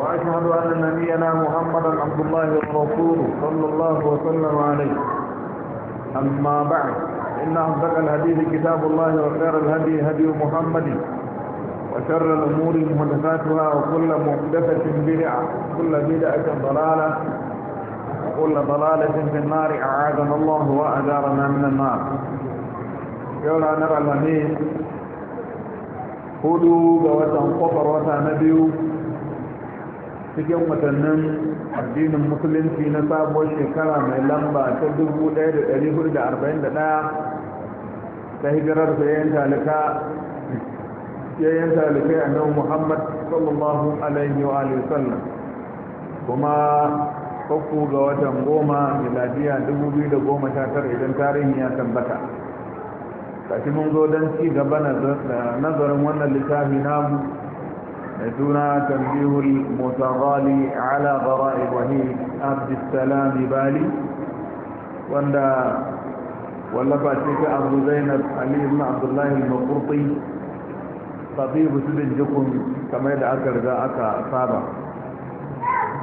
وأشهد أن نبينا محمدا عبد الله ورسوله صلى الله وسلم عليه أما بعد إن أصدق الحديث كتاب الله وخير الهدي هدي محمد وشر الأمور محدثاتها وكل محدثة بدعة وكل بدعة ضلالة وكل ضلالة في النار أعاذنا الله وأجارنا من النار يولا نرى الامين hudu ga watan kofar wata na biyu cikin watannin addinin musulunci na sabuwar shekara mai lamba ta 1441 ta hijirar da talika yayin talikai a nan muhammad sallallahu alaihi wa sallam kuma uku ga watan goma miladiya 2019 idan tarihin ya tambata kashi mun zo don ci gaba nazarin wannan littafi namu mai suna tambihul mutaghali ala gara'i wahid abdussalam bali wanda wallafa ce ta abu zainab ali ibn abdullahi al-maqurti tabibu jikun kamar da aka riga aka saba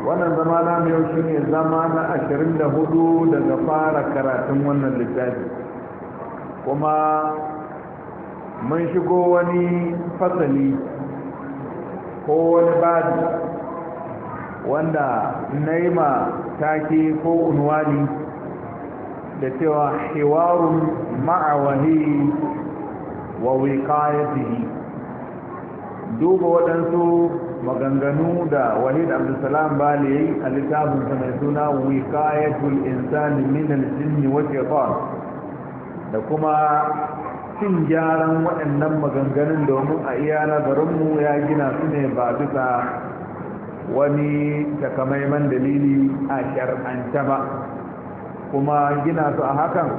wannan zama na yau ne zama na 24 daga fara karatun wannan littafi kuma mun shigo wani fasali ko wani badi wanda na yi ma take ko unwani da cewa hiwarun ma'awahi wa wiqayatihi duba waɗansu maganganu da wahid abdulsalam bali yi a littafin mai suna wiqayatul insani min al-jinni wa shaytan da kuma cin gyaran waɗannan maganganun domin a iya nazarinmu ya gina su ne ba bisa wani takamaiman dalili a shar'anta ba kuma gina su a hakan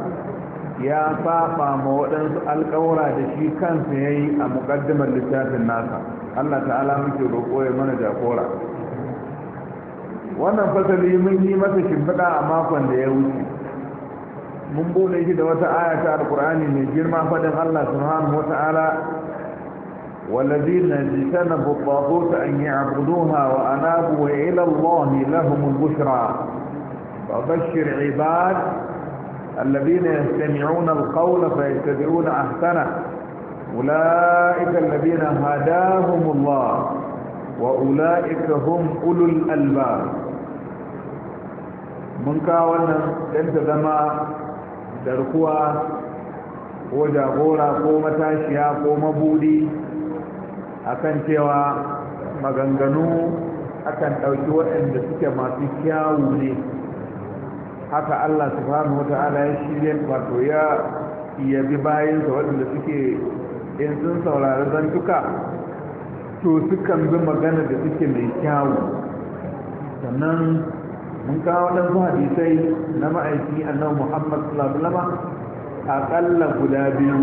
ya saba ma waɗansu alƙawura da shi kansa ya yi a muƙaddimar littafin nasa allah ta'ala muke roƙo ya mana jakora. wannan fasali mun yi masa shimfiɗa a makon da ya wuce mun bude shi da wata aya ta alkur'ani mai girma fadin Allah subhanahu wata'ala والذين اجتنبوا الطاغوت أن يعبدوها وأنابوا إلى الله لهم البشرى فبشر عباد الذين يستمعون القول فيتبعون أحسنه أولئك الذين هداهم الله وأولئك هم أولو الألباب من كاونا انت زما Darkuwa ko jagora ko matashiya ko mabudi akan cewa maganganu akan ɗauki waɗanda suke masu kyawu ne haka allah subhanahu wa ta'ala ya shirya wato ya yabi bayansa waɗanda suke in sun saurari zantuka to sukan bi magana da suke mai kyawu sannan mun kawo waɗansu hadisai na ma'aiki annabi muhammad sallallahu alaihi wasallam guda biyu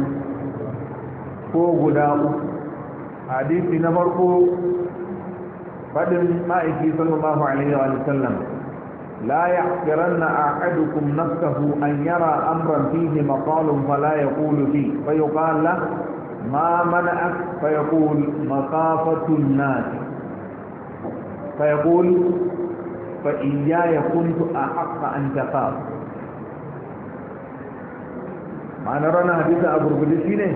ko guda uku hadisi na farko faɗin ma'aiki sallallahu alaihi wa sallam لا يحقرن أحدكم نفسه أن يرى أمرا فيه مقال فلا يقول فيه فيقال له ما منعك فيقول مخافة الناس فيقول fa ya kuntu a haqqa an taqaf ma'anar wannan hadisi a gurgudi shine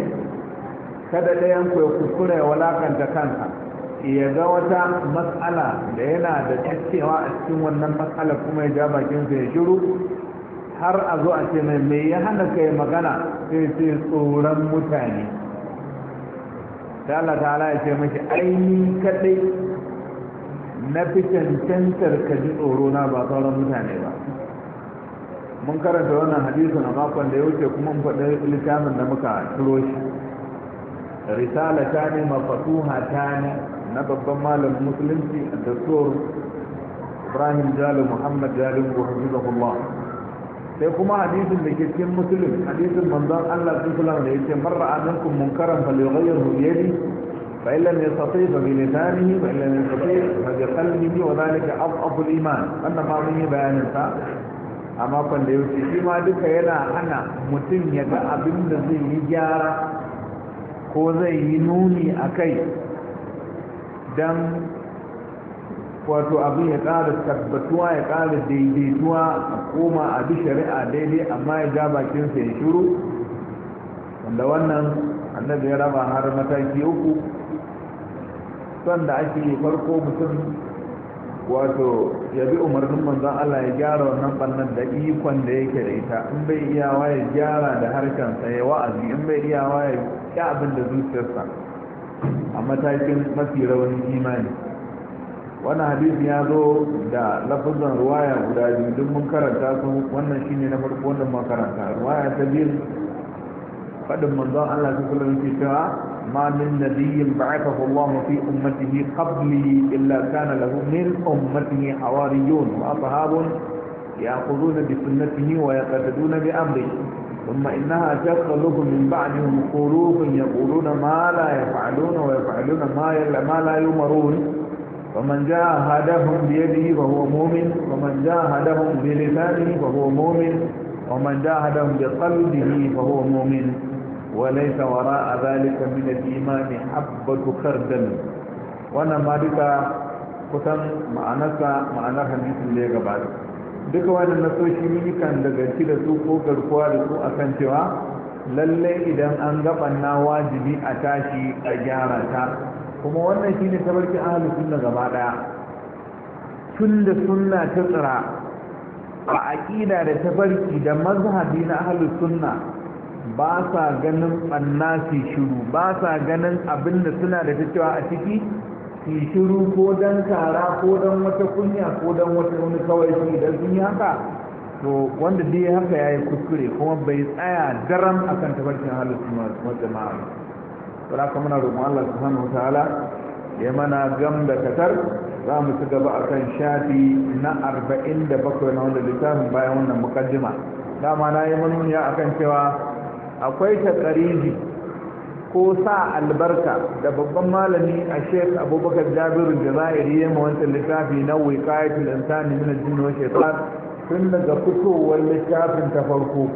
kada ɗayan ku ya kuskure ya walakanta kansa ya ga wata matsala da yana da cikewa a cikin wannan matsala kuma ya ja bakinsa ya shiru har a zo a ce mai me ya hana kai magana sai sai tsoron mutane da Allah ta'ala ya ce mashi ainihin kadai na fi cancantar ka ji tsoro na ba sauran mutane ba mun karanta wannan hadisu a makon da ya wuce kuma mun faɗi littafin da muka turo shi risala ta ne mafatuha ta ne na babban malam musulunci a dastur ibrahim jalo muhammad jalo rahimahullah sai kuma hadisin da ke cikin musulun hadisin manzon allah sun alaihi da ya ce, marra kun munkaran falyughayyirhu bi yadihi فإن لم يستطيع فبلسانه وإن لم يستطيع فبقلبه وذلك أضعف الإيمان أن ما من بيان أما كان يوتي فيما دك يلا أنا متم يقع بمن زي جارة ko zai yi nuni a kai don wato abin ya ƙara tabbatuwa ya ƙara daidaituwa a koma a bi shari'a daidai amma ya ja bakinsa ya shiru wanda wannan annabi ya raba har mataki uku son da ake yi farko mutum wato ya bi umarnin manzon Allah ya gyara wannan bannan da ikon da yake da ita in bai iyawa ya gyara da harkansa ya wa'azi in bai iyawa ya ya abin da zuciyarsa a matakin mafi raunin imani wannan hadisi ya zo da lafazan ruwaya guda biyu duk mun karanta su wannan shine na farko wannan makaranta ruwaya ta biyu faɗin manzon Allah su kula yake cewa ما من نبي بعثه الله في أمته قبلي إلا كان له من أمته حواريون وأصحاب يأخذون بسنته ويقتدون بأمره ثم إنها تخلق من بعدهم قلوب يقولون ما لا يفعلون ويفعلون ما, ما لا يمرون ومن جاهدهم بيده فهو مؤمن ومن جاهدهم بلسانه فهو مؤمن ومن جاهدهم بقلبه فهو مؤمن وليس وراء ذلك من الإيمان حبة خردل وانا ma duka kusan ma'anarsa ma'anar hadisin da ya gabata duka wani nasoshi yi kan daga da su ko garkuwa da su akan cewa lalle idan an gabanna wajibi a tashi a gyara ta kuma wannan shine tabarki ahlus sunna gaba daya tun da sunna ta tsira a aqida da tabarki da mazhabi na ahlus sunna ba sa ganin ɓanna su shiru ba sa ganin abin da suna da ta cewa a ciki su shiru ko don tara ko don wata kunya ko don wata wani kawai shi idan sun yi haka to wanda dai haka ya yi kuskure kuma bai tsaya daram akan tabbacin halittu wata jama'a. ba kuma na roƙon Allah subhanahu wa ta'ala ya mana gam da katar za mu ci gaba kan shafi na arba'in da bakwai na wanda littafin bayan wannan mukaddima dama na yi manuniya kan cewa akwai taƙariji ko sa albarka da babban malami a sheikh abubakar jabiru jaza'iri ya wancan littafi na wikayatul insani min al-jinn wa shaytan tun daga fitowar littafin ta farko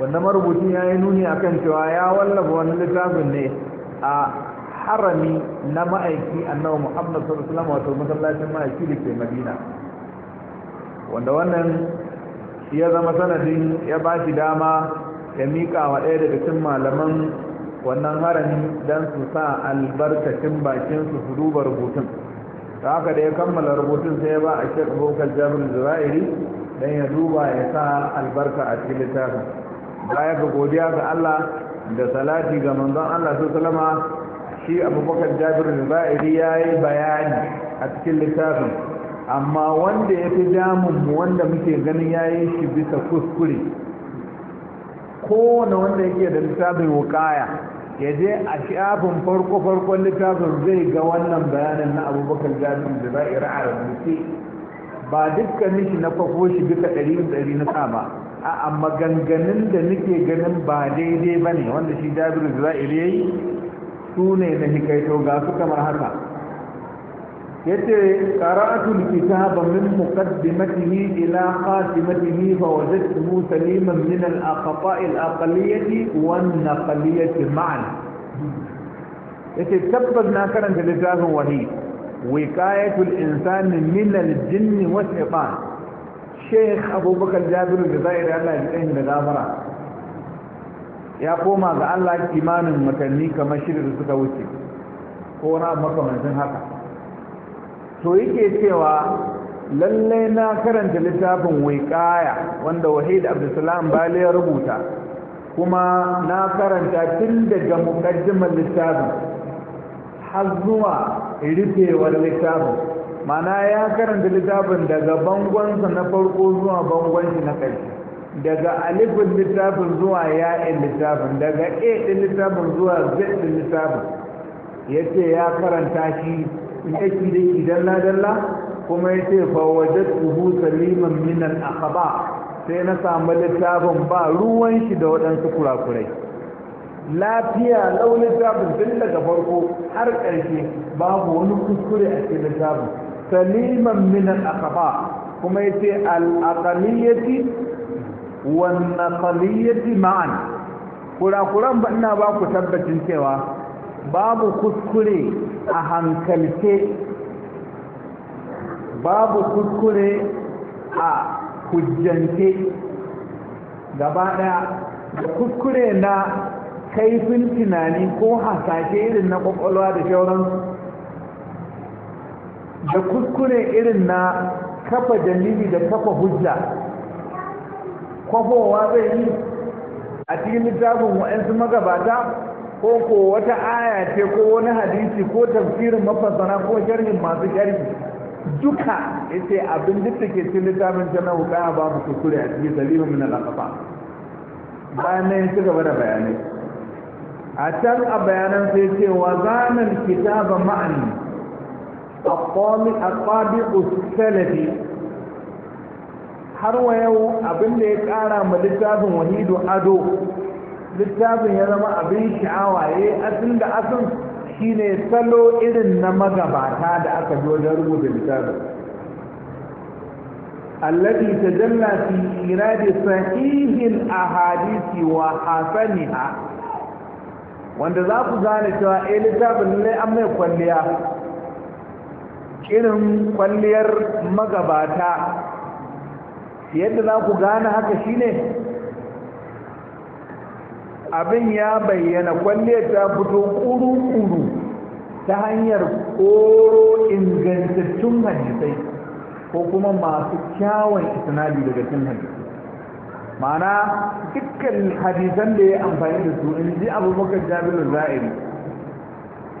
wanda marubuci ya yi nuni a kan cewa ya wallafa wani littafin ne a harami na ma'aiki annabi muhammad sallallahu alaihi wato masallacin ma'aiki da ke madina wanda wannan ya zama sanadin ya ba shi dama ya miƙa wa ɗaya daga cikin malaman wannan harami don su sa albarkacin bakin su duba rubutun ta haka da ya kammala rubutun sai ya ba a shek bokal jabir zura'iri don ya duba ya sa albarka a cikin littafin baya ga godiya ga allah da salati ga manzon allah su salama shi abubakar jabir zura'iri ya yi bayani a cikin littafin amma wanda ya fi damun wanda muke ganin ya yi shi bisa kuskure kowane wanda yake da littafin wukaya ya je a shafin farko farkon littafin zai ga wannan bayanin na abubakar jami'in da za'ira a rubuce ba dukkanin shi na kwafo shi duka ɗari ɗari na sama a amma ganganin da nake ganin ba daidai ba ne wanda shi jami'in da za'ira ya yi su ne na hikaito ga su kamar haka yace qara'atul kitaba min muqaddimatihi ila khatimatihi fa wajadtuhu saliman min al-aqta'i al-aqliyyati wan naqliyyati ma'an yace tabbas na karanta littafin wani wiqayatul insani min al-jinn wa shaytan sheikh abubakar jabiru da zairi Allah ya tsayin da gafara ya koma ga Allah kimanin watanni kamar shirin suka wuce ko na makamantan haka to yake cewa lallai na karanta littafin wiƙaya wanda wahid abdulsalam bale ya rubuta kuma na karanta tun daga mukaddimar littafin har zuwa rufewar littafin mana ya karanta littafin daga bangonsa na farko zuwa bangon na ƙarshe daga alifin littafin zuwa ya'in littafin daga a ɗin littafin zuwa z ɗin littafin ya ce ya karanta shi da ke dalla dalla kuma ya ce fawajatuhu saliman min al sai na samu littafin ba ruwan shi da waɗansu kurakurai lafiya lau littafin tun daga farko har ƙarshe babu wani kuskure a cikin littafin saliman min al kuma ya ce al-aqaliyati wan ma'an kurakuran ba ina ba ku tabbacin cewa babu kuskure a hankalce babu kuskure a hujjance gaba daya da kuskure na kaifin tunani ko hasashe irin na kwakwalwa da shauransu da kuskure irin na kafa dalili da kafa hujja kwafowa zai yi a cikin littafin wa'ansu magabata ko ko wata aya ce ko wani hadisi ko tafsirin mafasana ko sharhin masu sharhi duka yace abin duk da ke cikin littafin ta na hukaya babu kuskure a cikin dalilin min al qafa bayan nan ci gaba da bayanai a can a bayanan sai ce wa zanan kitaba ma'an aqami aqabi salafi har wa yau abin da ya kara ma littafin wahidu ado littafin ya zama abin sha'awa ya asin da asin shine salo irin na magabata da aka ji wajen rubuta littafin allati tajalla fi iradi sahihin ahadisi wa hasaniha wanda za ku gane cewa eh littafin ne an mai kwalliya irin kwalliyar magabata yadda za ku gane haka shine abin ya bayyana kwalle ta fito kuru-kuru ta hanyar koro ingantattun hadisai ko kuma masu kyawun isnadi daga cikin hadisai ma'ana dukkan hadisan da ya amfani da su in ji abubakar jami'in za'iri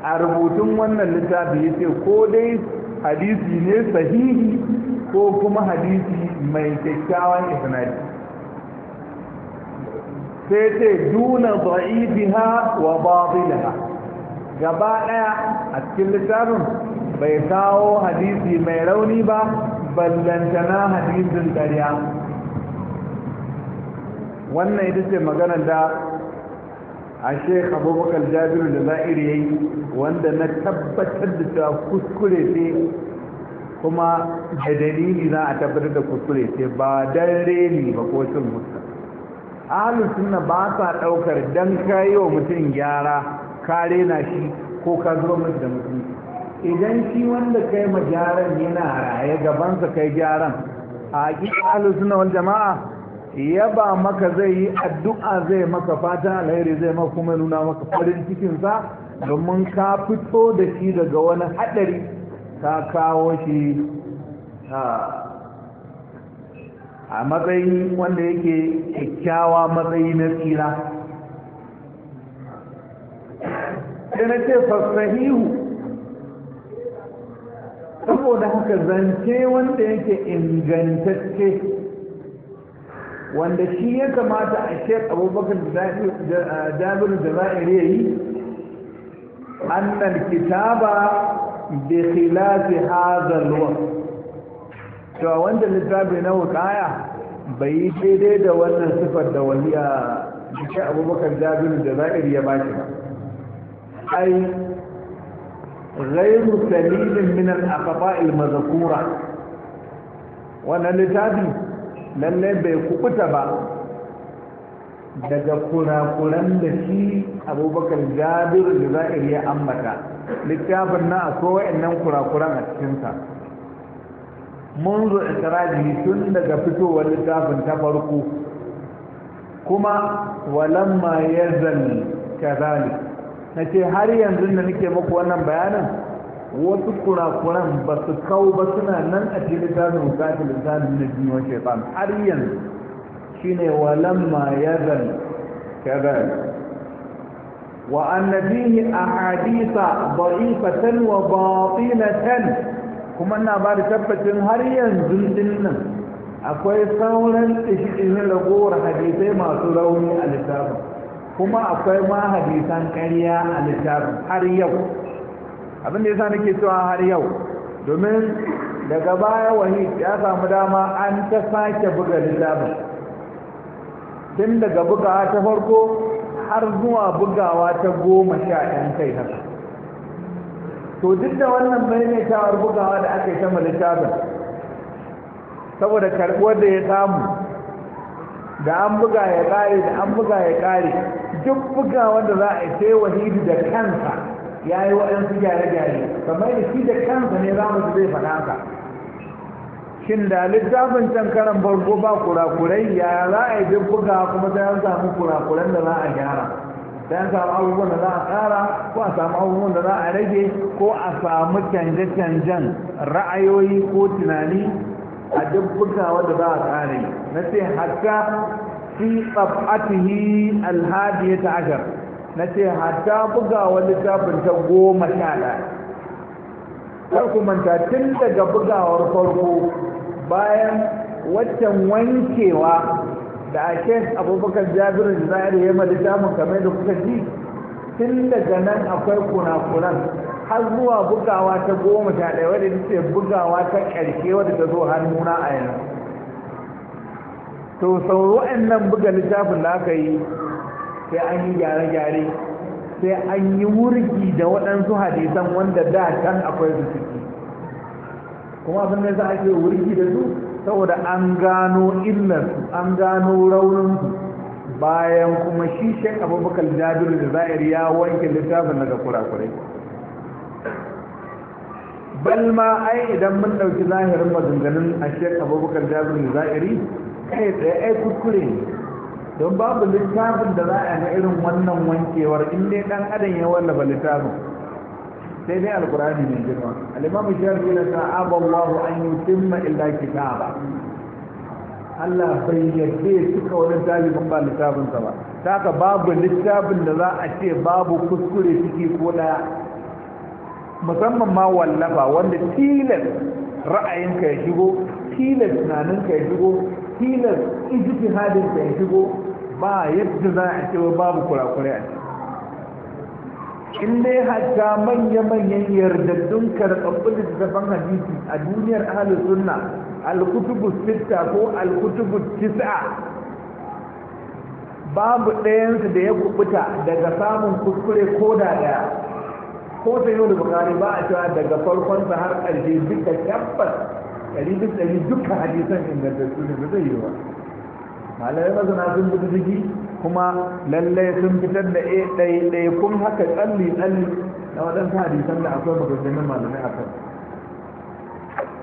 a rubutun wannan littafi ya ce ko dai hadisi ne sahihi ko kuma hadisi mai kyakkyawan isnadi sai ce duna da'ibiha wa batilaha gaba daya a cikin littafin bai kawo hadisi mai rauni ba ballantana hadisin ƙarya wannan ita ce maganar da a sheikh abubakar jabiru da za'iri ya yi wanda na tabbatar da cewa kuskure ce kuma da dalili za a tabbatar da kuskure ce ba dare reni ba ko cin musa ahalus sunna ba sa ɗaukar dan kai wa mutum gyara ka rena shi ko ka zuba masa da mutum idan shi wanda kai ma gyaran yana raye sa kai gyaran a haƙiƙa ahalus sunna wal jama'a ba maka zai yi addu'a zai maka fata alheri zai maka kuma nuna maka farin cikinsa domin ka fito da shi daga wani haɗari ka kawo shi ah, a matsayin wanda yake kyakkyawa matsayi na tsira sai na ce fasahihu saboda haka zance wanda yake ingantacce wanda shi ya kamata a shek abubakar jabiru da ya yi annan kitaba bi khilafi hadha alwaqt cewa wanda littafi na wukaya bai yi daidai da wannan sifar da waliya shi abubakar jabiru da za'ir ya ba shi ba ai ghairu salilin minan a aqbail mazkura wannan littafi lallai bai kubuta ba daga kurakuran da shi abubakar jabiru da za'ir ya ambata littafin na akwai nan kurakuran a cikinsa mun zo ikirari tun daga fitowar littafin ta farko kuma walamma ya zalli kazali na ce har yanzu da nake muku wannan bayanin wasu kurakuran ba su kawo ba suna nan a cikin littafin musashi littafin na jini wace ba har yanzu shi ne walamma ya zalli kazali wa annabihi ahadisa ba'ifatan wa batilatan kuma na ba da tabbacin har yanzu din nan akwai sauran na ragowar hadisai masu rauni a littafin kuma akwai ma hadisan ƙarya a littafin har yau abinda da yasa nake cewa har yau domin daga baya wani ya samu dama an ta sake buga littafin tun daga bugawa ta farko har zuwa bugawa ta goma sha ɗan kai haka to duk da wannan maimaitawar bugawa da aka yi sama littafin saboda karbuwar da ya samu da an buga ya kare, da an buga ya kare, duk bugawa da za a sai wahidi da kansa ya yi waɗansu gyare-gyare kamar da shi da kansa ne za mu zai faɗa shin da littafin can karan farko ba kurakurai ya za a yi duk bugawa kuma sai an samu kurakuran da za a gyara sai an samu abubuwan da za a tsara ko a samu abubuwan da za a rage ko a samu canje-canjen ra'ayoyi ko tunani a duk bugawa da za a yi na ce hatta fi tsabatihi alhadi ya ashar na ce hatta bugawa littafin ta goma sha ɗaya kar ku manta tun daga bugawar farko bayan waccan wankewa da a ake abubakar jabirin zaire ya mali damun kamar da kuka ji tun daga nan akwai kunakunan har zuwa bugawa ta goma sha ɗaya wadda ta ce bugawa ta ƙarshe wadda ta zo hannuna a yanzu to sau nan buga littafin da aka yi sai an yi gyare-gyare sai an yi wurgi da waɗansu hadisan wanda da can akwai su ciki kuma abin da za a ce wurgi da su saboda an gano illarsu an gano raunin bayan kuma shi shek abubakar jabiru da za'ir ya wanke littafin daga kurakurai bal ma ai idan mun ɗauki zahirin maganganun a shek abubakar jabiru da za'iri kai tsaye ai kuskure don babu littafin da za a ga irin wannan wankewar in dai ɗan adam ya wallafa littafin sai dai alkurani mai girma alimamu na yana ta allahu an yi timma illa kitaba Allah bai yadda ya cika wani talibin ba littafinsa ba ta ka babu littafin da za a ce babu kuskure ciki ko daya musamman ma wallafa wanda tilas ra'ayinka ya shigo tilas tunaninka ya shigo tilas ijtihadinka ya shigo ba yadda za a ce babu kurakure a ciki in dai hatta manya-manyan yardaddun karɓaɓɓun littattafan hadisi a duniyar ahalus sunna alkutubu sitta ko alkutubu tis'a babu ɗayansu da ya kubuta daga samun kuskure ko da ɗaya ko sai yau da bukari ba a cewa daga farkonsa har ƙarshe duka tabbas ɗari duk ɗari duka hadisan ingantattu ne ba zai yi ba malamai mazana sun bi jiki kuma lallai sun fitar da ɗai eh, ɗai kun haka tsalli-tsalli na waɗansu hadisan da akwai maganganun malamai a kan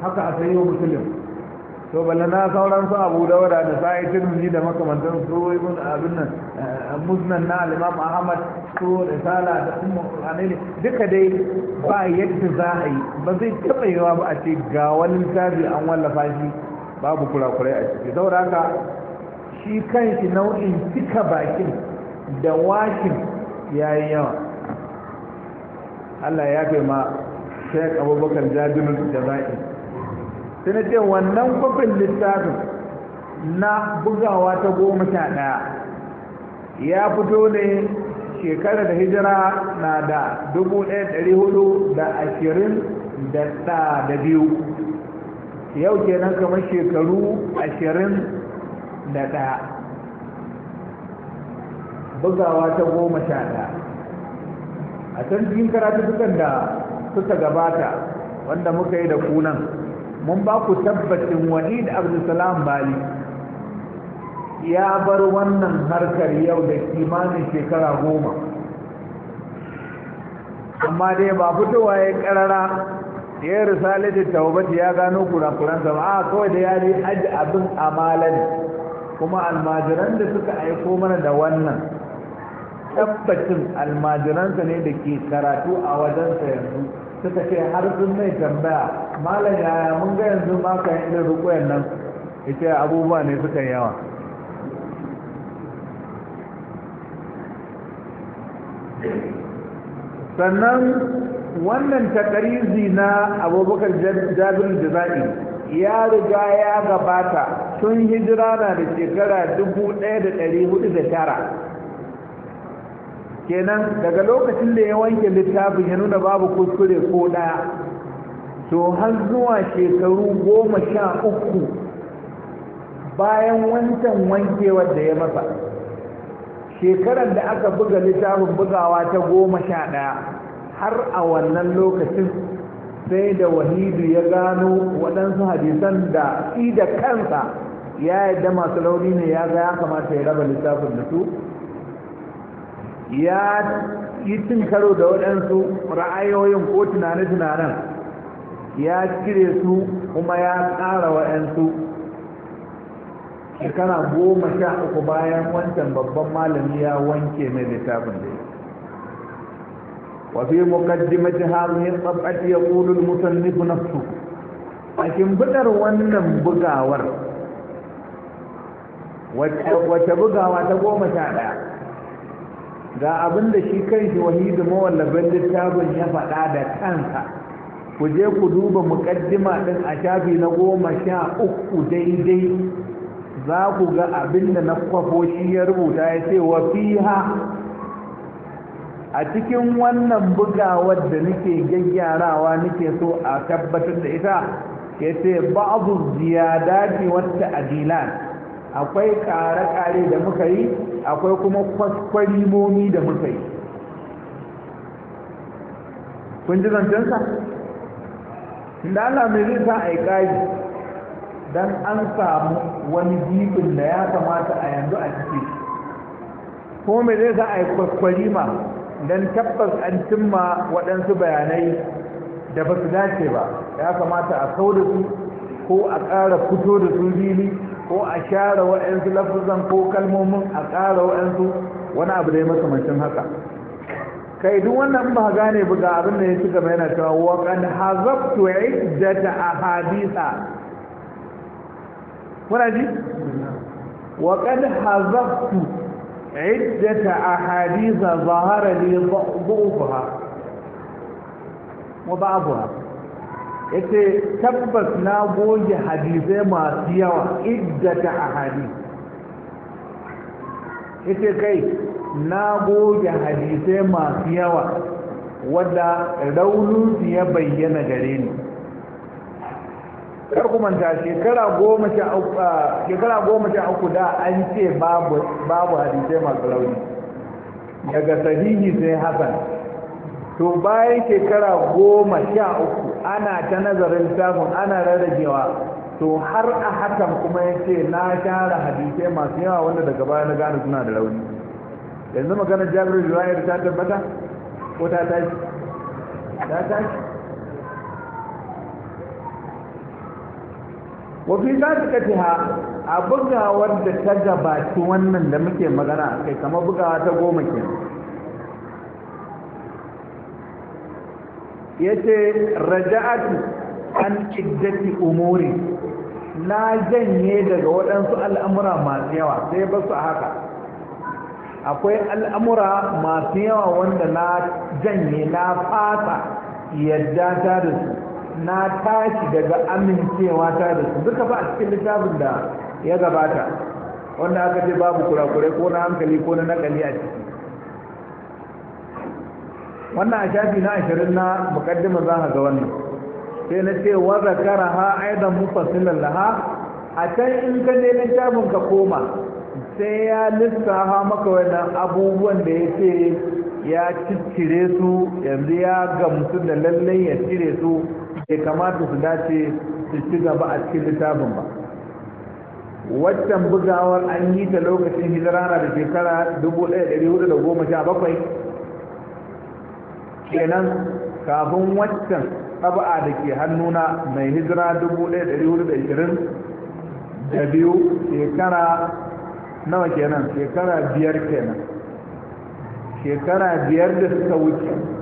haka a sayo musulun to balle na sauran su abu wada da sa'i tirmidhi da makamantan su ibn abin nan eh, musnan na Alimam Ahmad, ahmad su Sala da ummu anil duka dai ba yadda za a yi ba zai taɓa yiwa ba a ce ga wani tabi an wallafa shi babu kurakurai a ciki saboda haka shi kanshi nau'in cika bakin da wakin ya yi yawa allah ya kai ma shek abubakar jabirun da za'i sai ce wannan kwafin littafin na bugawa ta goma sha ɗaya ya fito ne shekarar da hijira na da dubu ɗaya ɗari hudu da ashirin da ɗa da biyu yau kenan kamar shekaru ashirin da ɗaya bugawa ta goma sha ɗaya a can cikin karatutukan da suka gabata wanda muka yi da kunan mun ba ku tabbacin wani da abdulsalam bali ya bar wannan harkar yau da kimanin shekara goma amma dai ba fitowa ya karara da ya risale da taubati ya gano kurakuransa ba a kawai da ya yi hajji abin amalan kuma almajiran da suka aiko mana da wannan tabbacin almajiransa ne da ke karatu a wajensa yanzu suka ce har sun mai tambaya malam yaya mun ga yanzu ma ka yi rukuyan nan ita abubuwa ne suka yawa sannan wannan takarizi na abubakar jabir jaza'i ya riga ya gabata tun hijira na da shekara dubu ɗaya da ɗari hudu da tara kenan daga lokacin da ya wanke littafin ya nuna babu kuskure ko ɗaya to har zuwa shekaru goma sha uku bayan wancan wankewar da ya masa shekarar da aka buga littafin bugawa ta goma sha ɗaya har a wannan lokacin sai da wahidu ya gano waɗansu hadisan da shi da kansa ya yadda masu rauni ne ya ga ya kamata ya raba littafin da su ya yi cin karo da waɗansu ra'ayoyin ko tunane-tunanen ya cire su kuma ya ƙara waɗansu shekara goma sha uku bayan wancan babban malami ya wanke mai littafin da وفي مقدمة هذه الطبعة يقول المصنف نفسه لكن بدر ونم بقاور وتبقى وتقوم شعبا ga abin da shi kanshi wahidu mawallafin littafin ya faɗa da kansa ku je ku duba muƙaddima ɗin a shafi na goma sha uku daidai za ku ga abin da na kwafo shi ya rubuta ya ce wa fiha a cikin wannan bugawar da nake gaggyarawa nake so a tabbatar da ita ya ce ziyada ziyadati wata adilan akwai kare-kare da muka yi akwai kuma kwaskwari-momi da muka yi kun ji zancensa? inda Allah mai zai sa a yi don an samu wani jifin da ya kamata a yanzu a ciki ko mai zai sa a yi don tabbas an cimma waɗansu bayanai da ba su dace ba ya kamata a sau da su ko a ƙara fito da su fili ko a share waɗansu lafuzan ko kalmomin a ƙara waɗansu wani abu da ya makamancin haka kai duk wannan ba gane ba ga abin da ya ci gaba yana cewa wa kan hazabtu iddata ahadisa kuna ji mm-hmm. wa kan hazabtu عدة أحاديث ظهر لي ضعفها وبعضها ita tabbas na goge hadisai masu yawa iddata ahadith ita kai na goge hadisai masu yawa wadda raunin ya bayyana gare ni kar ku manta shekara goma sha uku shekara goma sha uku da an ce babu babu hadisai masu rauni daga sahihi sai hasan to bayan shekara goma sha uku ana ta nazarin samun ana rarrabewa to har a hakan kuma ya ce na share hadisai masu yawa wanda daga baya na gane suna da rauni yanzu magana Jami'ar da ta tabbata ko ta tashi ta tashi wafi za su kace ha a bugawar da ta gabaci wannan da muke magana kai kama bugawa ta goma ke Yace, ce raja'atu an iddati umuri na janye daga waɗansu al'amura masu yawa sai ba su haka akwai al'amura masu yawa wanda na janye na fata yadda ta da su na tashi daga amincewa ta da su duka ba a cikin littafin da ya gabata wanda aka ce babu kurakurai ko na hankali ko na nakali a ciki wannan a na ashirin na mukaddima za a ga wannan sai na ce wa zakara ha aidan mufassilan laha a can in ka ne littafin ka koma sai ya lissafa maka wannan abubuwan da ya ce ya ciccire su yanzu ya gamsu da lallai ya cire su bai kamata su dace su ci gaba a cikin littafin ba waccan bugawar an yi ta lokacin hijira na da shekara 1417 kenan kafin waccan taba'a da ke hannuna mai hijira 1420 da biyu shekara nawa kenan shekara biyar kenan shekara biyar da suka wuce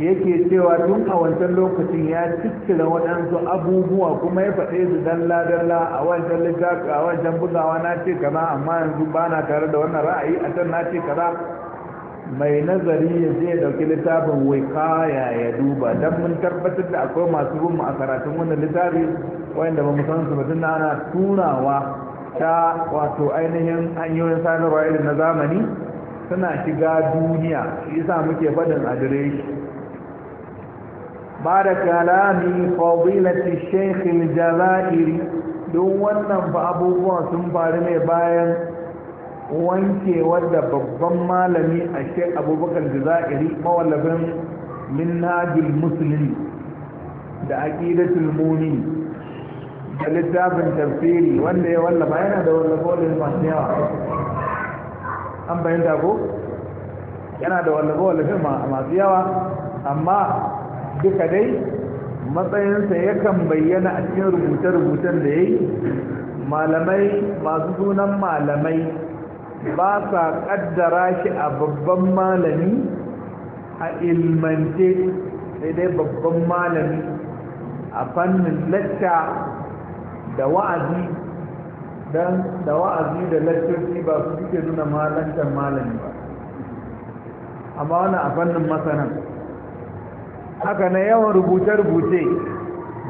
yake cewa tun a wancan lokacin ya cikkira waɗansu abubuwa kuma ya faɗe su dalla dalla a wancan littafi a wancan bugawa na ce kaza amma yanzu ba na tare da wannan ra'ayi a can na ce kaza mai nazari ya je ya ɗauki littafin kaya ya duba don mun tabbatar da akwai masu bin mu a karatun wannan littafi wanda ba mu san su ba tun ana tunawa ta wato ainihin hanyoyin sadarwa irin na zamani suna shiga duniya shi yasa muke faɗin adireshi بعد كلام فضيلة الشيخ الجزائري don wannan ba abubuwan sun faru ne bayan wanke da babban malami a shek abubakar jazairi mawallafin ناج المسلم da aqidatul mumin da littafin tafsiri wanda ya wallafa yana da wallafa masu yawa an bayyanta ko yana da wallafa masu yawa amma duka dai matsayinsa yakan bayyana a cikin rubuce-rubucen da ya yi malamai masu sunan malamai ba sa kaddara shi a babban malami a ilmance sai dai babban malami a fannin lacca da wa'azi don da wa'azi da laccoci ba su suke nuna malantar malami ba amma wani a fannin masanan haka na yawan rubuce-rubuce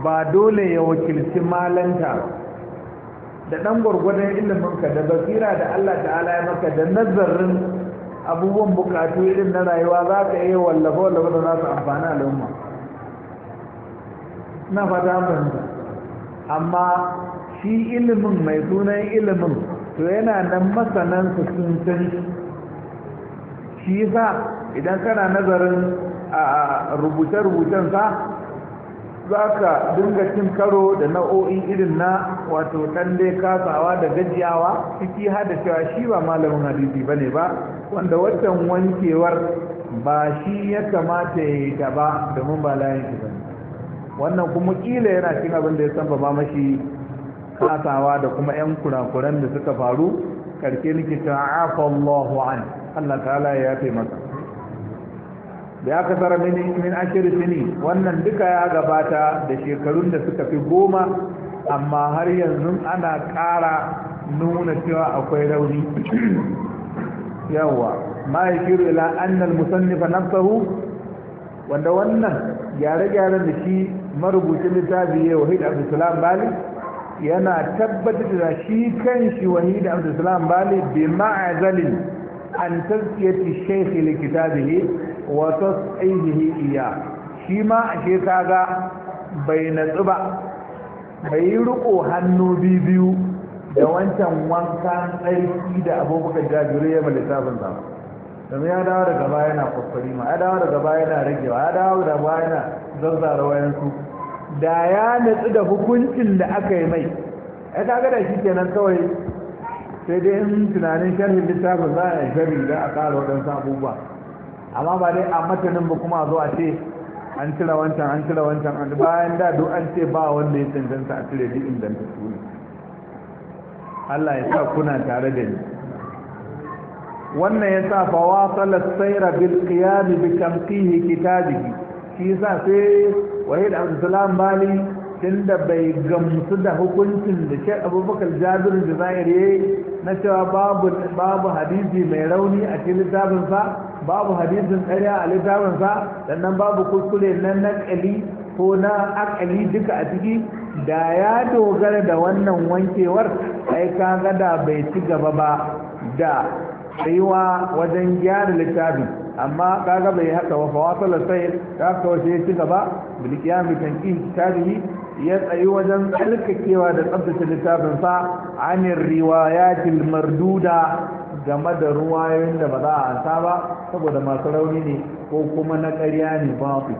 ba dole ya wakilci malanta da ɗan gwargwadon iliminka da basira da Allah ta'ala ya maka da nazarin abubuwan bukatu irin na rayuwa za ka iya wallafa wallafa da za su amfani al'umma na fata fahimta amma shi ilimin mai sunan ilimin to yana nan su sun shi yasa idan kana nazarin A rubuce-rubucen sa za ka dinga cin karo da nau'o'i irin na wato Kande kasawa da gajiyawa ciki har da cewa shi ba malamin hadisi ba ne ba wanda waccan wankewar ba shi ya kamata ya yi ta ba domin ba layin shi ba wannan kuma kila yana cin abin da ya san ba ma mashi kasawa da kuma 'yan kurakuran da suka faru karke nake ta afa Allahu an Allah ta'ala ya taimaka da ya kasar min ashir sini wannan duka ya gabata da shekarun da suka fi goma amma har yanzu ana ƙara nuna cewa akwai rauni yawa ma ya shiru ila annal musannifa nafsahu wanda wannan gyare-gyaren da shi marubucin littafi ya wahid abdulsalam bali yana tabbatar da shi kan shi wahid abdulsalam bali bi ma'azalin an tazkiyati shaykh likitabihi wa tasqihi iya shi ma ake kaga bai natsu ba bai yi riko hannu biyu da wancan wankan tsarki da abubakar jajirai ya lissafin sa domin ya dawo daga baya yana kwakwari ma ya dawo daga baya yana ragewa ya dawo daga baya yana zazzara wayansu da ya natsu da hukuncin da aka yi mai ya kaga da shi kenan kawai sai dai in tunanin shan littafin za a yi shari da a ƙara waɗansu abubuwa amma ba dai a matanin ba kuma zuwa ce an cire wancan an cire wancan an bayan da duk an ce ba wanda ya cancanta a cire duk inganta su ne Allah ya sa kuna tare da ni wannan ya sa fa wasala sayra bil qiyam bi tanqihi kitabihi shi sa sai wahid abdulsalam bali tunda bai gamsu da hukuncin da Sheikh Abubakar Jabir da Zahiri na cewa babu babu hadisi mai rauni a cikin dabinsa? babu hadisin ƙarya a littafinsa sannan babu kuskure na nakali ko na akali duka a ciki da ya dogara da wannan wankewar ai kaga da bai ci gaba ba da tsayuwa wajen gyara littafi amma kaga bai haka wa fawasalar sai ka wasu ya ci gaba bilkiyami tankin tarihi ya tsayi wajen tsarkakewa da tsabtace littafinsa anin riwayatil marduda game da ruwayoyin da ba za a ansa ba saboda masu rauni ne ko kuma na ƙarya ne ba su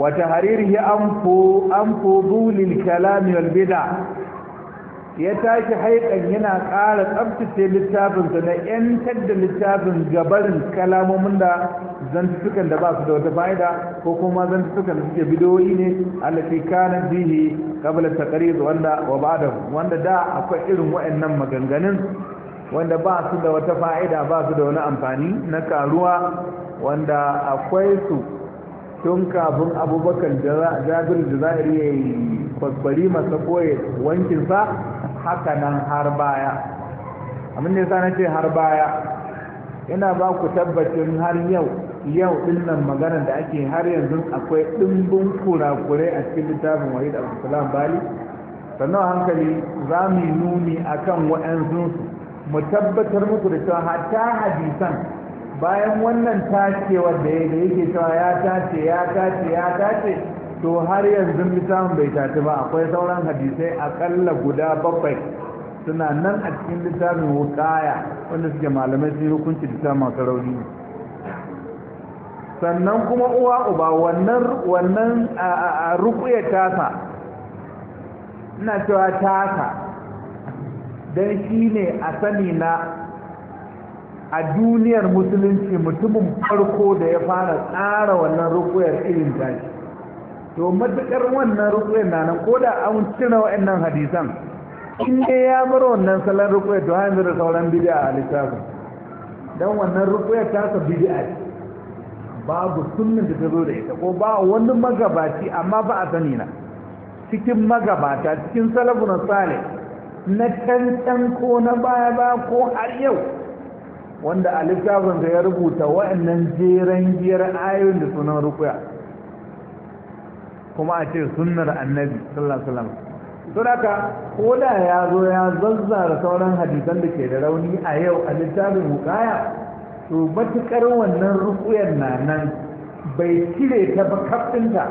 wata hariri an fudulil kalami wal bida ya tashi haikan yana ƙara tsabtace littafinsa na ‘yantar da littafin gabarin kalamomin da zantukan da ba su da wata fa'ida ko kuma zantukan da suke bidoyi ne alafi kana bihi kabla taqrir wanda wa ba'da wanda da akwai irin wa'annan maganganun wanda ba su da wata fa'ida ba su da wani amfani na karuwa wanda akwai su tun kafin abubakar jabir da a iya yi kwaskwari masa koyar wankinsa haka nan har baya abin da na ce har baya ina ba ku tabbacin har yau yau din maganar da ake har yanzu akwai dimbin kurakure a cikin littafin wahid abdulsalam bali sannan hankali za mu yi nuni akan wa'ansu mu tabbatar muku da cewa hatta hadisan bayan wannan tacewar da yake cewa ya tace ya tace ya tace to har yanzu littafin bai tafi ba akwai sauran hadisai akalla guda bakwai suna nan a cikin littafin wukaya wanda suke malamai sun hukunci littafin masu rauni sannan kuma uwa uba wannan wannan rukuya tasa ina cewa tasa don shi ne a sani na a duniyar musulunci mutumin farko da ya fara tsara wannan rukuyar irin tashi to matuƙar wannan rukuyar na nan ko da an cire wa'annan hadisan in ne ya bar wannan salon rukuyar to hanyar da sauran bidi a littafin don wannan rukuyar ta sa bidiya ce babu sunnin da ta zo da ita ko ba wani magabaci amma ba a sani na cikin magabata cikin salafun Sale, na cancan ko na baya ba ko har yau wanda a littafinsa ya rubuta wa'annan jeren giyar ayoyin da sunan rukuyar kuma a ce sunnar annabi sallallahu alaihi wasallam to haka ko da ya zo ya zazzara sauran hadisan da ke da rauni a yau a littafin hukaya to matukar wannan ruqyar na nan bai cire ta ba kafinta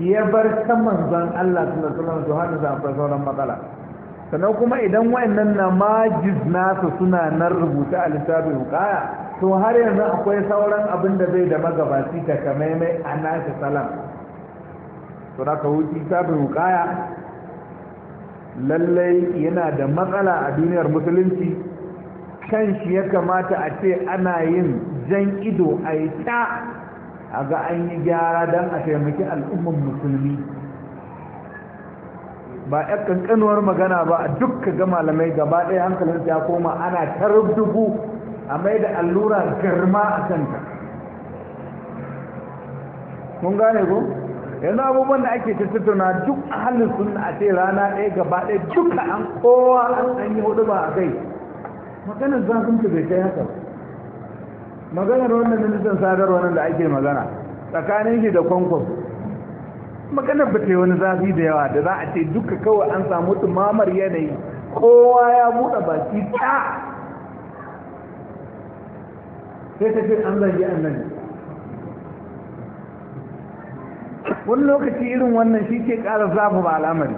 ya bar ta manzon Allah sallallahu alaihi wasallam to hadisan sauran matsala sannan kuma idan wayannan namajiz nasu suna nan rubuta a littafin hukaya to har yanzu akwai sauran abin da zai da magabaci ta kamaimai a nashi salam to da kawo kitabin ruqaya lallai yana da matsala a duniyar musulunci kan shi ya kamata a ce ana yin jan ido a yi ta a ga an yi gyara don a taimaki al'umman musulmi ba ya ƙanƙanuwar magana ba a dukka ga malamai gaba ɗaya hankalin ya koma ana dubu a mai da allura garma a kanta kun gane ku? yanzu abubuwan da ake tattauna duk ahalin sunna a ce rana ɗaya gaba ɗaya duka an kowa an an yi hudu ba a kai maganar zafin bai kai haka maganar wannan ministan sadarwa nan da ake magana tsakanin shi da kwankwan maganar ba ta yi wani zafi da yawa da za a ce duka kawai an samu tumamar yanayi kowa ya buɗe baki ta sai ta ce an zagi annabi wani lokaci irin wannan shi ke ƙara zafi ba al'amari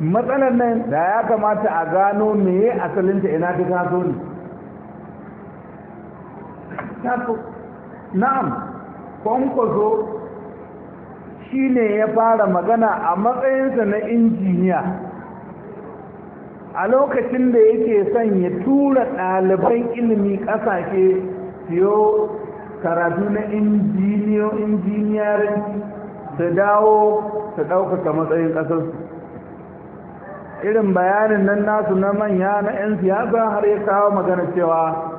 matsalar nan da ya kamata a gano meye asalinta ina ta taso ne na'am kwankwaso shi ne ya fara magana a matsayinsa na injiniya a lokacin da yake son ya tura ɗaliban ilimi ƙasashe siyo karatu na injiniyoyin ta dawo su ɗaukaka matsayin ƙasarsu irin bayanin nan nasu na manya na 'yan siyasa har ya kawo magana cewa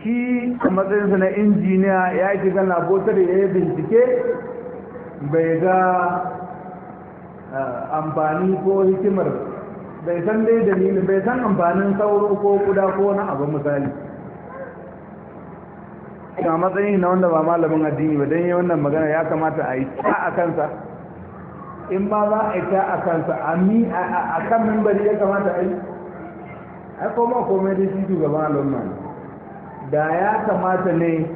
shi a matsayinsa na injiniya ya shiga labotar ya yi bincike bai ga eh, amfani ko hikimar bai san dai dalilin bai san amfanin sauro ko kuda ko wani abu misali a matsayin na wanda ba malamin addini ba don yi wannan magana ya kamata a yi ta a kansa in ba za a yi ta a kansa a kan mimbari ya kamata a yi ai koma komai da shi shugaban al'umma da ya kamata ne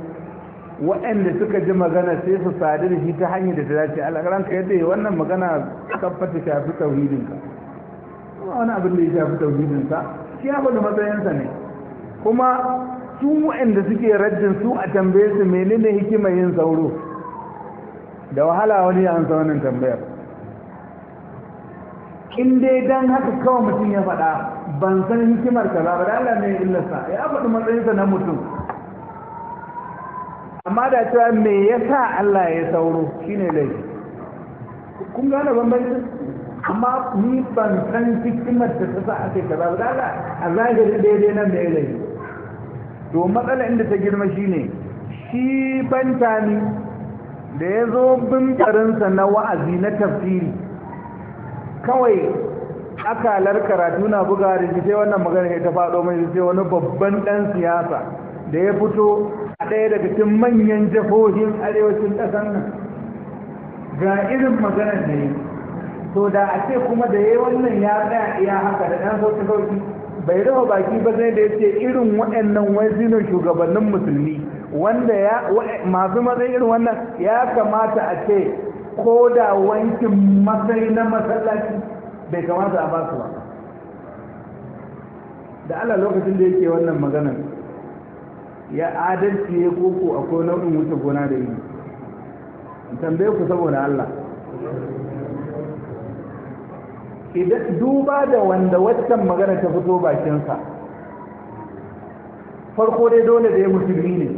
waɗanda suka ji magana sai su sadu da shi ta hanyar da ta dace alƙaran ka yadda wannan magana tabbata shafi tauhidinka wani abin da ya shafi tauhidinka shi ya faɗi matsayinsa ne kuma su waɗanda suke raddin su a tambaye su menene hikima yin sauro da wahala wani an sa wannan tambayar in dai dan haka kawai mutum ya faɗa ban san hikimar ka ba da Allah mai illarsa ya faɗi matsayinsa na mutum amma da cewa me yasa Allah ya sauro shine laifi kun gane bambanci amma ni ban san hikimar da ta sa ake kaza ba da Allah a zahiri daidai nan da ya laifi to matsala inda ta girma shine shi ne da ya zo bimbarinsa na wa'azi na tafsiri kawai akalar karatu na buga da sai wannan magana ya ta faɗo mai sai wani babban ɗan siyasa da ya fito a ɗaya daga cikin manyan jahohin arewacin ƙasar nan ga irin maganar da yi to da a ce kuma da ya wannan ya tsaya iya haka da ɗan sauƙi bai raba baki ba zai da ya ce irin waɗannan wazinan shugabannin musulmi wanda ya masu matsayin irin wannan ya kamata a ce ko da wankin matsayi na masallaci bai kamata a basu ba da Allah lokacin da yake wannan maganar ya adalci ya koko akwai nau'in wuce gona da yi tambaye ku saboda Allah idan duba da wanda waccan magana ta fito bakinsa farko dai dole da ya musulmi ne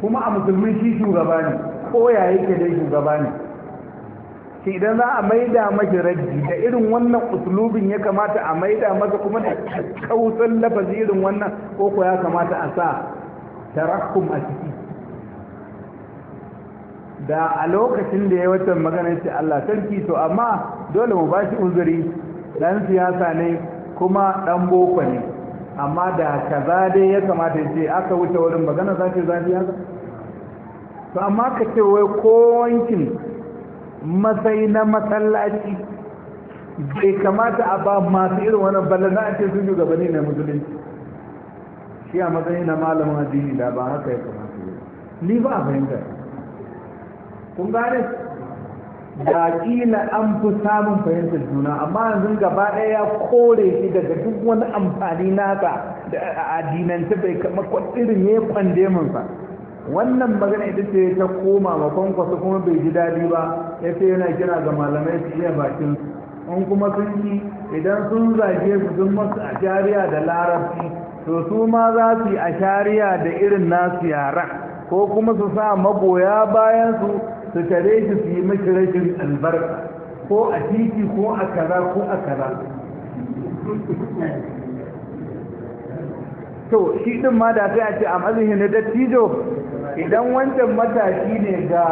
kuma a musulmi shi shugaba ne ko ya yake dai shugaba ne shi idan za a maida maki raji da irin wannan usulubin ya kamata a maida masa kuma da kausan lafazi irin wannan koko ya kamata a sa tarakkum a ciki da a lokacin da ya wata magana ce Allah sarki to amma dole mu bashi uzuri dan siyasa ne kuma dan boko ne amma da kaza dai ya kamata ya ce aka wuce wurin magana za ce zafi haka to amma ka ce wai ko wankin matsayi na masallaci bai kamata a ba masu irin wannan za na ce sun shugabanni na musulunci shi a matsayi na malamin addini da ba haka ya kamata ni ba a fahimta kun gane da kila an fi samun fahimtar juna amma yanzu gaba ɗaya ya kore shi daga duk wani amfani naka da addinance bai kama irin ya kwande min fa wannan magana ita ce ta koma ma kwankwaso kuma bai ji daɗi ba ya ce yana kira ga malamai su iya bakin in kuma sun yi idan sun zage su sun masu a da larabci to su ma za su yi a shari'a da irin nasu yaran ko kuma su sa magoya bayan su su tare shi su yi mashi rashin albarka ko a titi ko a kaza ko a kaza to shi din ma da sai a ce a mazihi na dattijo idan wancan matashi ne ga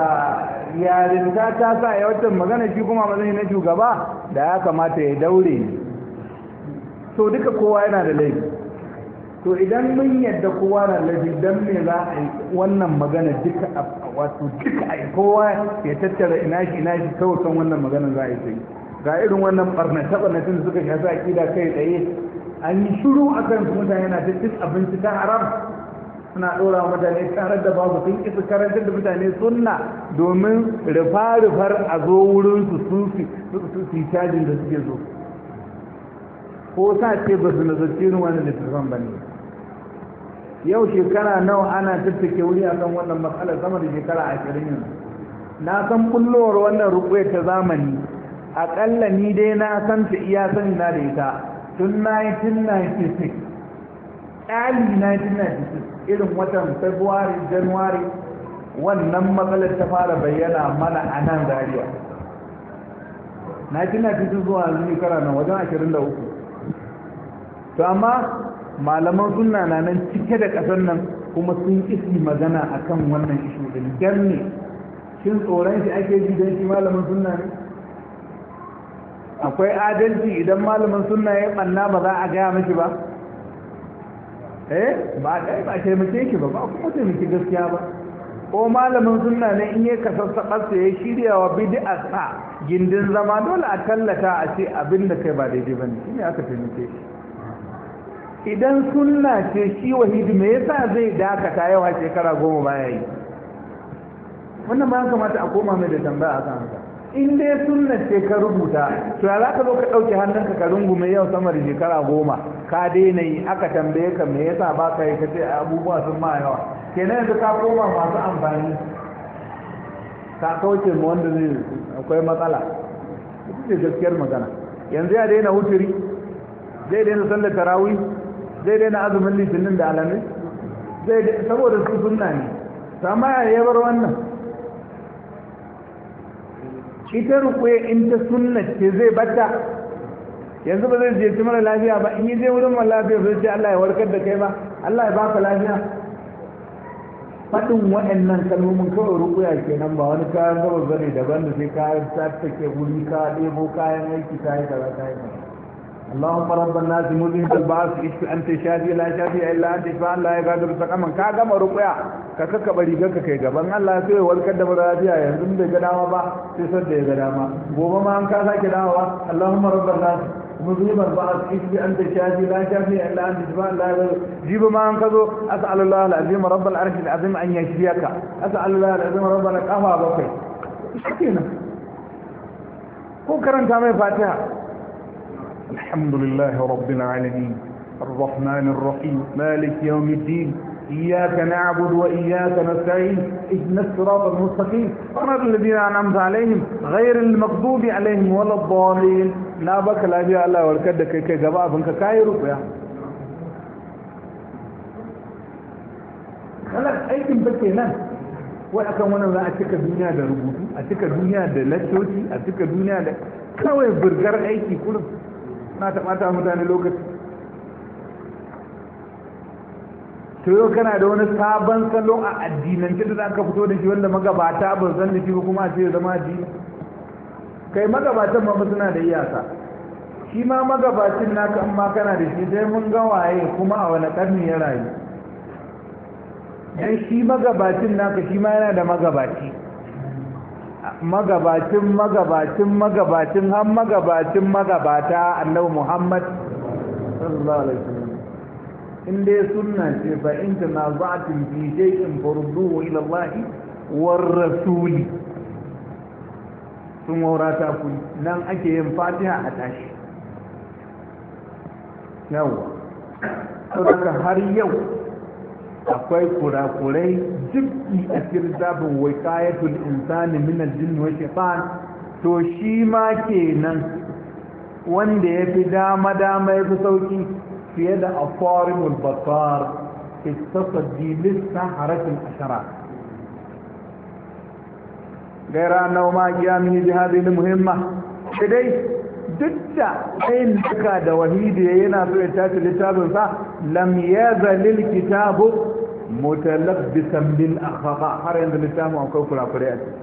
yarinta ta sa ya wancan magana shi kuma mazihi na shugaba da ya kamata ya daure to duka kowa yana da laifi to idan mun yadda kowa na laifi don me za a yi wannan magana duka a wato duka a kowa ya tattara ina shi ina shi kawai kan wannan maganar za a yi ga irin wannan barnace-barnacen da suka shafi da kai tsaye an yi shiru a kan mutane na ta cin abinci ta haram suna ɗora wa mutane tarar da babu sun isa karantar da mutane sunna domin rufa-rufar a zo wurin su sufi su su cajin da suke zo ko sa ce ba su nazarci wani littattafan ba ne yau shekara nawa ana tattake wuri a kan wannan matsalar sama da shekara ashirin yanzu na san kullowar wannan rukwai ta zamani aƙalla ni dai na san ta iya sani na da ita tun 1996 ƙali 1996 irin watan february january wannan matsalar ta fara bayyana mana a nan zariya na tuna fitin zuwa yanzu shekara na wajen 23 to amma malaman sunna na nan cike da ƙasar nan kuma sun isi magana akan wannan ishu din dan ne shin tsoron shi ake ji dan shi malamin sunna ne akwai adalci idan malamin sunna ya banna ba za a gaya mashi ba eh ba a ba taimake shi ba ba kuma taimaki gaskiya ba ko malamin sunna ne in ya kasassaɓarsa ya shirya wa bid'a sa gindin zama dole a tallata a ce abin da kai ba daidai ba ne shi ne aka taimake shi idan sunna ce shi wahidi me yasa zai dakata yawa shekara goma baya yi wannan ma kamata a koma mai da tambaya a kansa in dai sunna ce ka rubuta to ya za ka zo ka ɗauke hannunka ka rungume yau samar da shekara goma ka daina yi aka tambaye ka me yasa ba ka yi ka ce abubuwa sun ma yawa kenan yanzu ka koma masu amfani ka kauce ma wanda zai akwai matsala ita ce gaskiyar magana yanzu ya daina huturi? zai daina sallar tarawih zai daina azumin litinin da alamis zai saboda su sunna ne sama ya yabar wannan ita rukwe in ta sunna ce zai bata yanzu ba zai je mara lafiya ba in yi zai wurin mara lafiya zai ce Allah ya warkar da kai ba Allah ya baka lafiya faɗin waɗannan kalmomin kawai rukuya kenan ba wani kayan gaba zane daban da sai kayan sa take wuri ka ɗebo kayan aiki ta yi kayan ta yi kaza اللهم رب الناس مذهب الباس اشف انت شافي لا شافي الا انت اشف لا يغادر سقما ka gama ruqya ka kaka bari ganka kai gaban Allah sai warkar da lafiya yanzu bai ga dama ba sai san da ya ga dama gobe ma an ka sake dawowa Allahumma مذهب الباس اشف انت شافي لا شافي الا انت اشف لا يغادر جيب ما ان kazo اسال الله العظيم رب العرش العظيم ان يشفيك اسال الله العظيم رب القهوه بكي shikenan ko karanta mai فاتحه الحمد لله رب العالمين الرحمن الرحيم مالك يوم الدين إياك نعبد وإياك نستعين اهدنا الصراط المستقيم صراط الذين أنعمت عليهم غير المغضوب عليهم ولا الضالين لا بك لا بي الله والكدك كي كي جبا كايرو يا Allah aikin ba kenan wai akan wannan لا a cika duniya da rubutu a cika duniya da laccoci a cika duniya na taɓata mutane lokaci to yau kana da wani sabon salo a addinance da za ka fito da shi wanda magabata ba zan da shi ba kuma a ce zama addini kai magabatan ma suna da iyaka shi ma magabacin naka amma kana da shi sai mun ga waye kuma a wani karni ya rayu dan shi magabacin naka shi ma yana da magabaci magabacin magabacin magabacin har magabacin magabata annabi muhammad sallallahu alaihi wasallam in dai sunna ce fa in tanaza'tum fi in farduhu ila Allah war rasul sun warata ku nan ake yin fatiha a tashi yawa daga har yau akwai kurakurai jibki a cikin zabin wai insani min aljin wa shaitan to shi ma kenan wanda ya fi dama dama ya fi sauki fiye da afarimul basar istasaddi lissa harafin ashara gaira na ma ya mini jihadi muhimma shi dai duk da ayin duka da wahidi yana so ya tashi littafinsa lam yaza lil kitabu mutalabbisan bil akhaba har yanzu littafin akwai kurakurai a ciki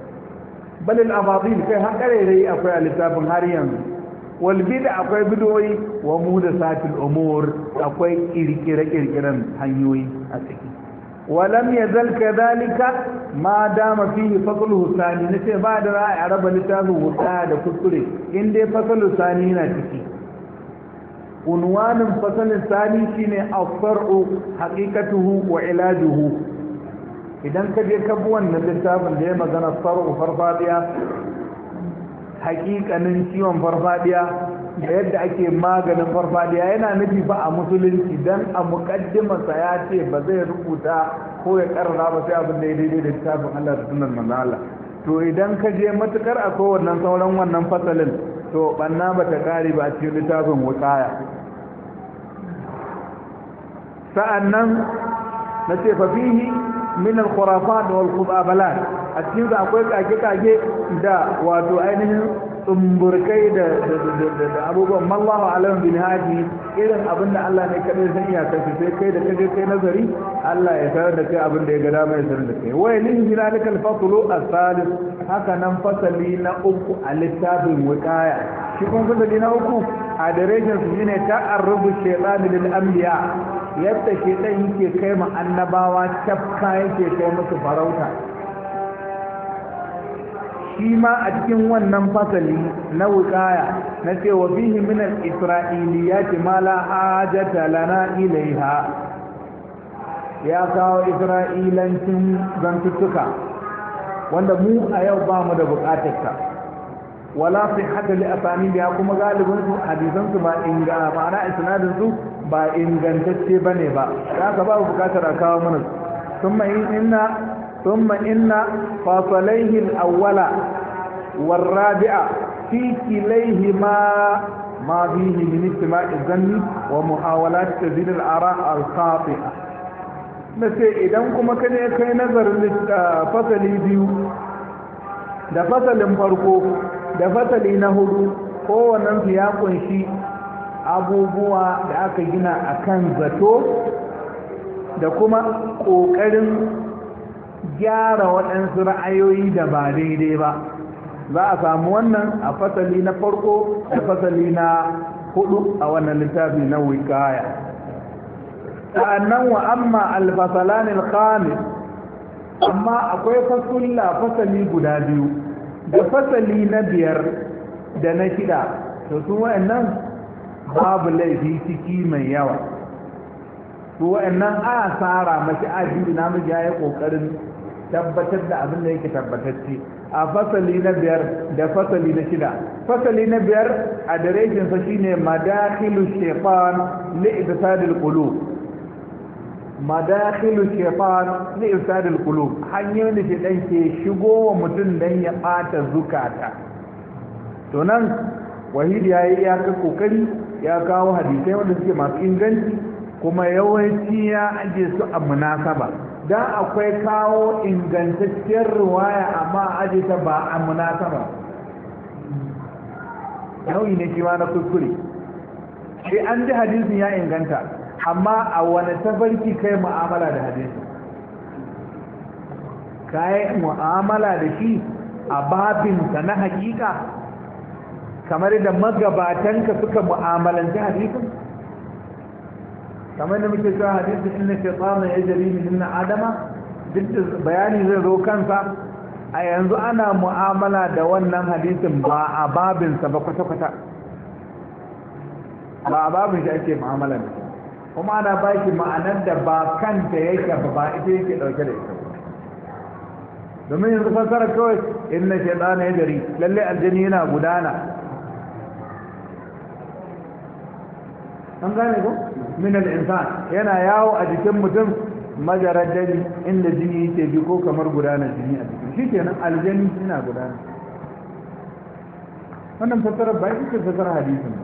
bal al abadil kai har dai akwai a littafin har yanzu wal bid'a akwai bidoyi wa muhdathatil umur akwai kirkire kirkiren hanyoyi a ciki ولم يزل كذلك ما دام فيه فصل الثاني نسي بعد رأي عرب لتابه da كسره إن دي فصل na نتكي unwanin fasalin sani shine asfar'u haqiqatuhu wa ilajuhu idan ka je ka bi littafin da ya magana sar'u farfadiya haƙiƙanin ciwon farfadiya da yadda ake maganin farfadiya yana nufi ba a musulunci dan a muƙaddimarsa ya ce ba zai rubuta ko ya karara ba sai abin da ya daidai da littafin Allah da sunan manzo Allah to idan ka je matukar a kowannan sauran wannan fasalin to banna ba ta kare ba a cikin littafin wukaya sa'annan na ce fafihi min al-khurafat wal khudabalat a cikin akwai kake-kake da wato ainihin tsumburkai da abubuwan mallahu alamun bin haji irin abin da Allah ne kaɗai zan iya su sai kai da kaje kai nazari Allah ya sanar da kai abin da ya gada mai sanar da kai wai lin hilalika a asalis haka nan fasali na uku a littafin wiqaya shi kun fasali na uku a darajin su shine ta'arrubu shaytan lil anbiya yadda shaytan yake kai ma annabawa tafka yake kai musu farauta shi ma a cikin wannan fasali na wukaya na ce wa fihi min al-isra'iliyati ma la hajata lana ilaiha ya kawo isra'ilancin zantuttuka wanda mu a yau ba mu da ta. wala fi hada li asani da kuma galibin su hadisan su ba inga ma'ana isnadin su ba ingantacce bane ba Ya ka ba bukatar a kawo mana su in inna ثم إن فاصليه الأول والرابع في كليهما ما فيه من استماع الظن ومحاولات تزيد الآراء الخاطئة nace idan kuma ka ne kai nazarin fasali biyu da fasalin farko da fasali na hudu kowannensu ya kunshi abubuwa da aka gina akan zato da kuma ƙoƙarin gyara waɗansu ra'ayoyi da ba daidai ba za a samu wannan a fasali na farko da fasali na hudu a wannan littafi na wikaya sa'annan wa amma alfasalanin alkhamis amma akwai fasulla fasali guda biyu da fasali na biyar da na shida to su wa'annan babu laifi ciki mai yawa su wa'annan a tsara mashi a na miji ya yi ƙoƙarin tabbatar da abin da yake tabbatacce a fasali na biyar da fasali na shida fasali na biyar a darejinsa shine madakhilu shaytan li ifsadil qulub madakhilu shaytan li ifsadil qulub hanyoyin da dan ke shigo wa mutum dan ya bata zukata to nan ya yayi ya ka kokari ya kawo hadisai wanda suke masu inganci kuma yawanci ya aje su a munasaba da akwai kawo ingantacciyar ruwaya amma aje ta ba a munasaba nau'i ne shi ma na kuskure shi an ji hadisin ya inganta amma a wani tafarki kai mu'amala da hadisin kayi mu'amala da shi a babinsa na hakika kamar da magabatanka suka mu'amalanci hadisin kamar da muke cewa hadisi inna shaytana yajri min inna adama duk bayani zai zo kansa a yanzu ana mu'amala da wannan hadisin ba a babinsa ba kwata-kwata ba a babin shi ake mu'amala da kuma ana ba shi ma'anar da ba kanta yake ba ba ita yake dauke da ita domin yanzu fassara kawai inna shaitana ya gari lalle aljini yana gudana an gane ko min al-insan yana yawo a jikin mutum majarar dani inda jini yake bi ko kamar gudanar jini a jikin shi kenan aljani yana gudana wannan fassara ba ita fassara hadisin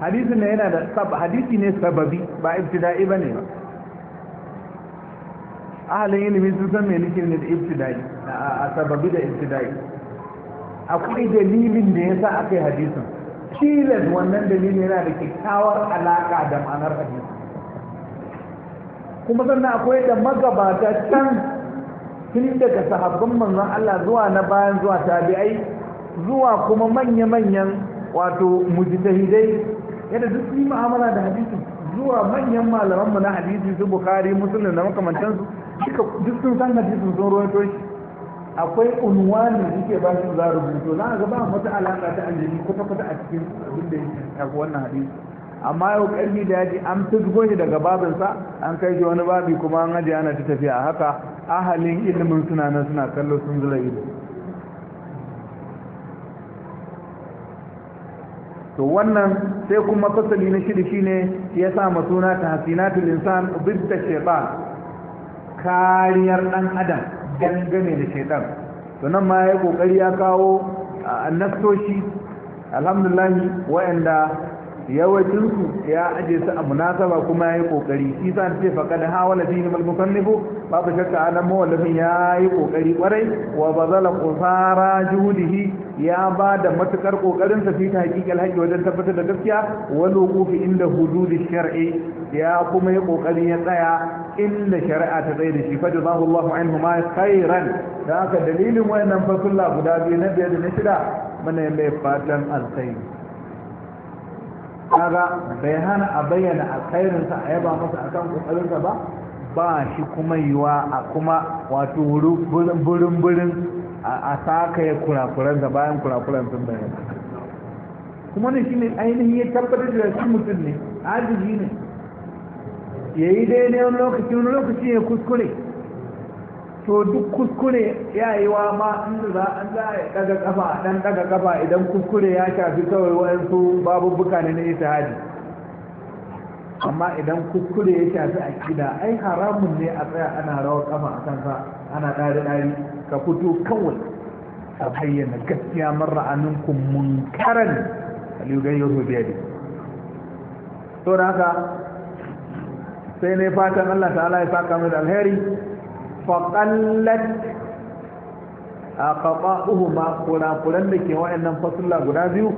hadisin ne yana da sab hadisi ne sababi ba ibtida'i bane ba ahalin ilimi sun san me nake ne da ibtida'i a sababi da ibtida'i akwai dalilin da yasa akai hadisin tilas wannan dalili yana da kyakkyawar alaƙa da ma'anar hadisi kuma sannan akwai da magabata can tun daga sahabbin manzon Allah zuwa na bayan zuwa tabi'ai zuwa kuma manya-manyan wato mujtahidai yadda duk yi mu'amala da hadisi zuwa manyan malaman mu na hadisi su Bukhari Muslim da makamantansu duk sun san hadisin sun rawaito shi akwai unwani suke ba shi za rubuto na ga ba wata alaka ta aljini kwata-kwata a cikin abin da yake wannan hadisi amma yau karfi da yaji an fizgo shi daga babinsa an kai shi wani babi kuma an ajiye ana ta tafiya haka ahalin ilimin suna nan suna kallo sun zura ido to wannan sai kuma fasali na shida shine ya sa masuna ta hasinatul insan ta shaytan kariyar dan adam dangane da shaitan to nan ma ya ƙoƙari ya kawo annastoshi alhamdulahi wa'anda yawancinsu ya aje su a munasaba kuma ya yi kokari shi sa ce da hawala fihi al musannifu babu shakka anan mawallafin ya yi kokari kwarai wa bazala qusara juhudihi ya ba da matukar kokarin sa fi haƙiƙar haƙi wajen tabbatar da gaskiya wani hukufi inda hududi shar'i ya kuma ya kokari ya tsaya inda shari'a ta tsaye da shi fa jazahu Allahu anhu ma khairan da aka dalilin wayannan fasulla guda biyu na biyar da na shida muna mai fatan alkhairi kaga bai hana a bayyana sa a yaba masa akan sa ba ba shi kuma yiwa a kuma wato burin burin a saka ya kurakuran da bayan kurakuran sun bayan kuma ne shi ne ainihin ya tabbatar da shi mutum ne ajiyi ne ya yi ne wani lokaci wani lokaci ya kuskure to duk kuskure ya yi wa ma in za an za a daga kafa dan daga kafa idan kuskure ya shafi kawai wa'ansu babu ne na ita hadi amma idan kuskure ya shafi a aƙida ai haramun ne a tsaya ana rawar kafa a kansa ana ɗari-ɗari ka fito kawai a bayyana gaskiya mun ku mun karan aligai yau biyar to da haka sai ne fatan Allah ta'ala ya saka mai da alheri faƙallat a ƙaɓa'uhu ma kurakuran da ke wa'annan fasulla guda biyu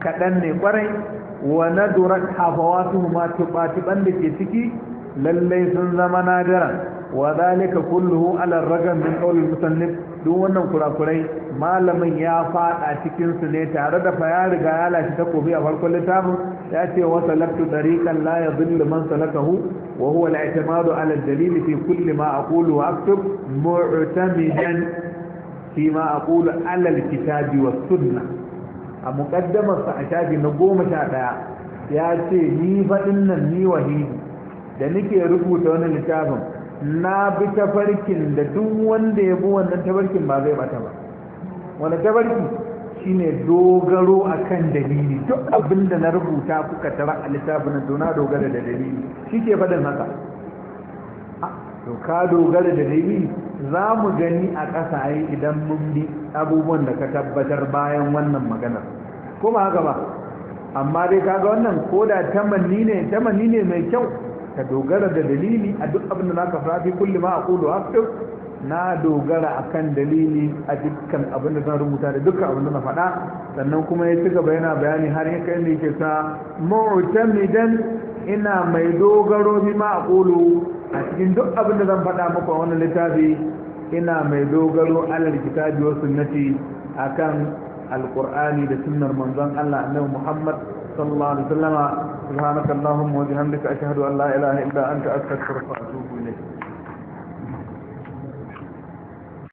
kaɗan ne kwarai. wa nadurat hafawatuhuma tuɓa da ke ciki lallai sun zama nadara wa zalika kulluhu ala ragam min qawlil musannif duk wannan kurakurai malamin ya fada cikin su ne tare da fa ya riga ya lashi takobi a farkon littafin ya ce wa salaktu tariqan la yadhillu man salakahu wa huwa al-i'timadu ala al-dalil fi kulli ma aqulu wa aktub mu'tamidan fi ma aqulu ala al-kitabi was-sunnah a sa a shafi na goma sha ɗaya ya ce ni faɗin nan ni wahidi da nake rubuta wani littafin na bi tafarkin da duk wanda ya bi wannan tafarkin ba zai bata ba wani tafarki shine dogaro akan dalili duk abin da na rubuta kuka tara a littafin to na dogara da dalili shi ke faɗin haka to ka dogara da dalili za mu gani a ƙasa yi idan mun bi abubuwan da ka tabbatar bayan wannan maganar ko ba haka ba amma dai kaga wannan ko da tamanni ne tamanni ne mai kyau ka dogara da dalili a duk abin da ka fara fi kulli ma aqulu haqqin na dogara akan dalili a dukkan abin da zan rubuta da dukkan abin da na faɗa sannan kuma ya ci gaba yana bayani har kai ne ke sa mu'tamidan ina mai dogaro bi ma aqulu a cikin duk abin da zan faɗa muku a wannan littafi ina mai dogaro alal kitabi wa sunnati akan alqur'ani da sunnar manzon Allah annabi Muhammad sallallahu alaihi wasallama subhanakallahumma wa bihamdika ashhadu an la ilaha illa anta astaghfiruka wa atubu ilayk